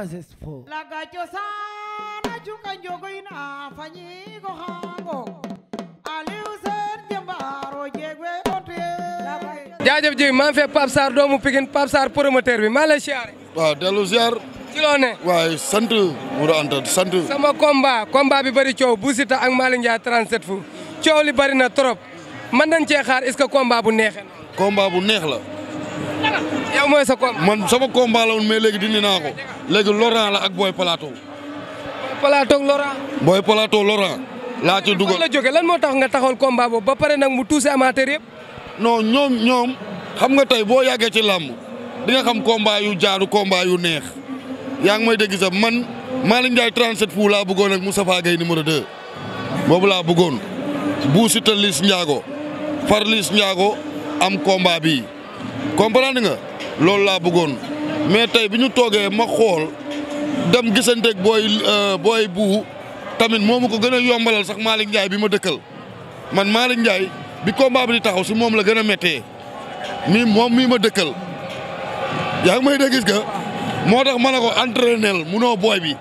was his fault? Lagacho sana chuka njogo inafanyiko hango Aliusen jembaro jegwe kontre jaajëf ji maa ngi fekk Pape Sarr doomu Pikine Pape Sarr promoteur bi maa lay siyaare waaw dellu siyaar ci loo ne waaye sant Mourou Anta sant sama combat combat bi bëri coow Bou ak Malick Ndiaye fu coow li bëri na trop man dañ cee xaar est-ce bu neexee combat bu neex yow mooy sa combat. man sama combat la léegi dindi naa ko léegi Laurent la ak Boy Plateau. Plateau Laurent. booy Plateau Laurent. laa ci dugal la jóge lan moo tax nga taxawal combat boobu ba pare nag mu tuuse amateur yëpp. non ñoom ñoom xam nga tey boo yàggee ci làmb di xam combat yu jaadu combat yu neex yaa ngi may dégg sax man Malick Ndiaye 37 fu laa bëggoon ak Moustapha Gueye numéro 2 boobu laa bëggoon buusita Liss Ndiago far Liss Ndiago am combat bii. comprendre nga loolu laa bëggoon mais tey bi ñu toogee ma xool dem gisanteeg booy euh, booy bu tamit moomu ko gën a yombalal sax Malick Ndiaye bi ma dëkkal man Malick Ndiaye bi combat bi di taxaw si moom la gën a méttee mi moom mii ma dëkkal yaa ngi may dégg gis nga moo tax ma ne ko entraînel munoo booy bi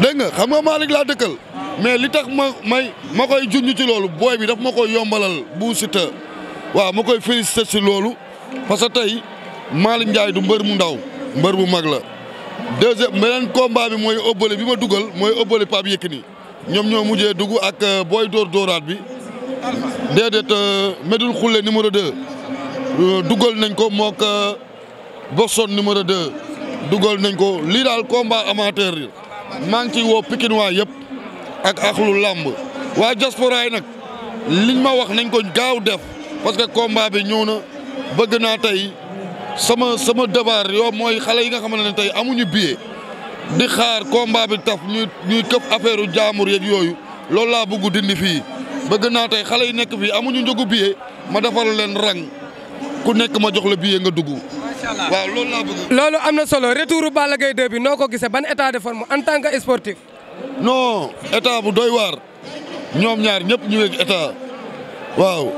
dégg nga xam nga Malick laa dëkkal mais li tax ma may ma koy junj ci loolu booy bi daf ma koy yombalal bu Siteu waaw ma koy félicité si loolu. parce que tey Malick Ndiaye du mbër mu ndaw mbër mu mag la deuxième beneen combat bi mooy ëbbali bi ma dugal mooy ëbbali Pape Yékini ñoom ñoo mujjee dugg ak euh, booy dóor dóoraat bi déedéet euh, Médoune Khoule numéro de euh, dugal nañ ko mook Bosson numéro de dugal nañ ko lii daal combat amateur yi maa ngi ciy woo Pikine waa yëpp ak axlu làmb waa diaspora yi nag liñ ma wax nañ ko gaaw def parce que combat bi ñëw na. bëgg naa tey sama sama devoir yow mooy xale yi nga xamante ne tey amuñu billet di xaar combat bi taf ñuy ñuy këf affaire jaamur yeeg yooyu loolu laa bëgg dindi fii bëgg naa tey xale yi nekk fii amuñu njëgu billet ma defal leen rang ku nekk ma jox la billet nga dugg. waaw loolu laa bëgg. loolu am na solo retouru Balla gay 2 bi noo ko gisee ban état de forme en tant que sportif. non état bu doy waar ñoom ñaar ñëpp ñu ngi état waaw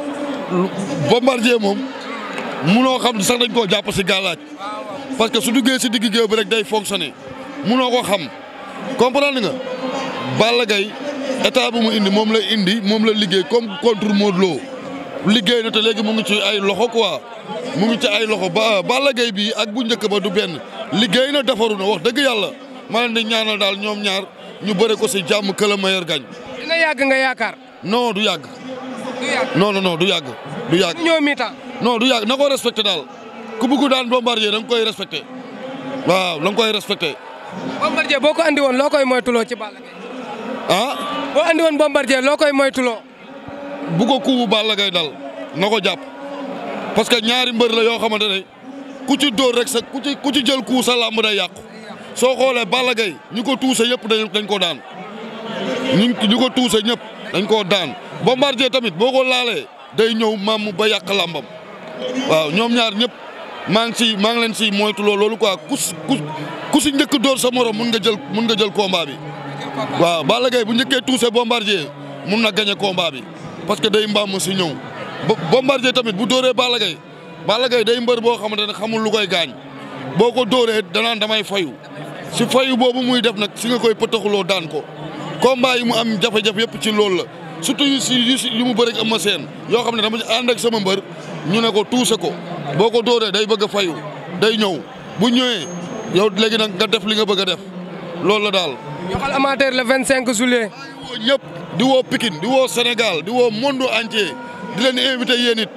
bombardier moom. munoo xam sax dañ koo jàpp si gàllaaj parce que su duggee si digg géew bi rek day fonctionné munoo ko xam comprendre nga Balla Gaye état bu mu indi moom la indi moom la liggéey comme contre Modou Lo liggéey na te léegi mu ngi ci ay loxo quoi mu ngi ci ay loxo ba Balla Gaye bii ak bu njëkk ba du benn liggéey na defaru na wax dëgg yàlla ma leen di ñaanal daal ñoom ñaar ñu bëre ko si jàmm que le meilleur gagne. yàgg nga yaakaar. non du yàgg. du yàgg non du yàgg. non du yàgg na ko respecté daal ku bëgg daan bombardier da nga koy respecté waaw da nga koy respecté. bombardier boo ko andi woon loo koy moytuloo ci Balla Gaye. ah. boo andi woon loo koy moytuloo. bu ko kubu Balla Gaye dal na ko jàpp parce que ñaari mbër la yoo xamante ne ku ci dóor rek sa ku ci ku ci jël ku sa làmb day yàqu soo xoolee Balla Gaye ñu ko tuuse yëpp dañ ko daan ñu ñu ko tuuse ñëpp dañ koo daan bombardier tamit boo ko laalee day ñëw maam ba yàq làmbam. waaw ñoom ñaar ñëpp maa ngi si maa ngi leen si moytuloo loolu ko ak ku ku si njëkk dóor sa moroom mun nga jël mun nga jël combat bi. waaw Balla Gaye bu njëkkee touché bombardier mun na gagné combat bi parce que day mbaam si ñëw bombardier tamit bu dóoree Balla Gaye Balla Gaye day mbër boo xamante ne xamul lu koy gaañ boo ko dóoree danaan damay fayu si fayu boobu muy def nag si nga koy pëtaxuloo daan ko combat yi mu am jafe-jafe yëpp ci loolu la surtout yu si yu mu bëri am ma seen yoo xam ne dama ànd ak sama mbër ñu ne ko tuuse ko boo ko dóoree day bëgg a fayu day ñëw bu ñëwee yow léegi na nga def li nga bëgg a def loolu la daal. ñoxal amateur le 25 juillet. ñëpp di woo Pikine di woo Sénégal di woo monde entier di leen invité yéen it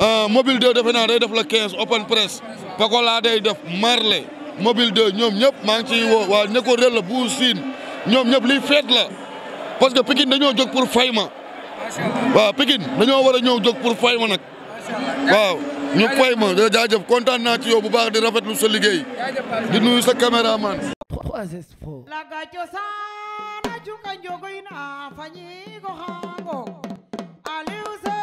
euh, mobile 2 defe naa day def la 15 open press Pakola day def Marley mobile 2 ñoom ñëpp maa ngi ciy woo waa ne ko réel la bu siin ñoom ñëpp li feet la parce que Pikine dañoo jog pour fay ma. waaw Pikine dañoo war a ñëw jóg pour fay ma nag. waaw ñu fay ma da jaajëf kontaan naa ci yow bu baax di rafetlu sa liggéey di nuyu sa caméraman laga cosaan cuka njogoy na fañi ko xaango aliou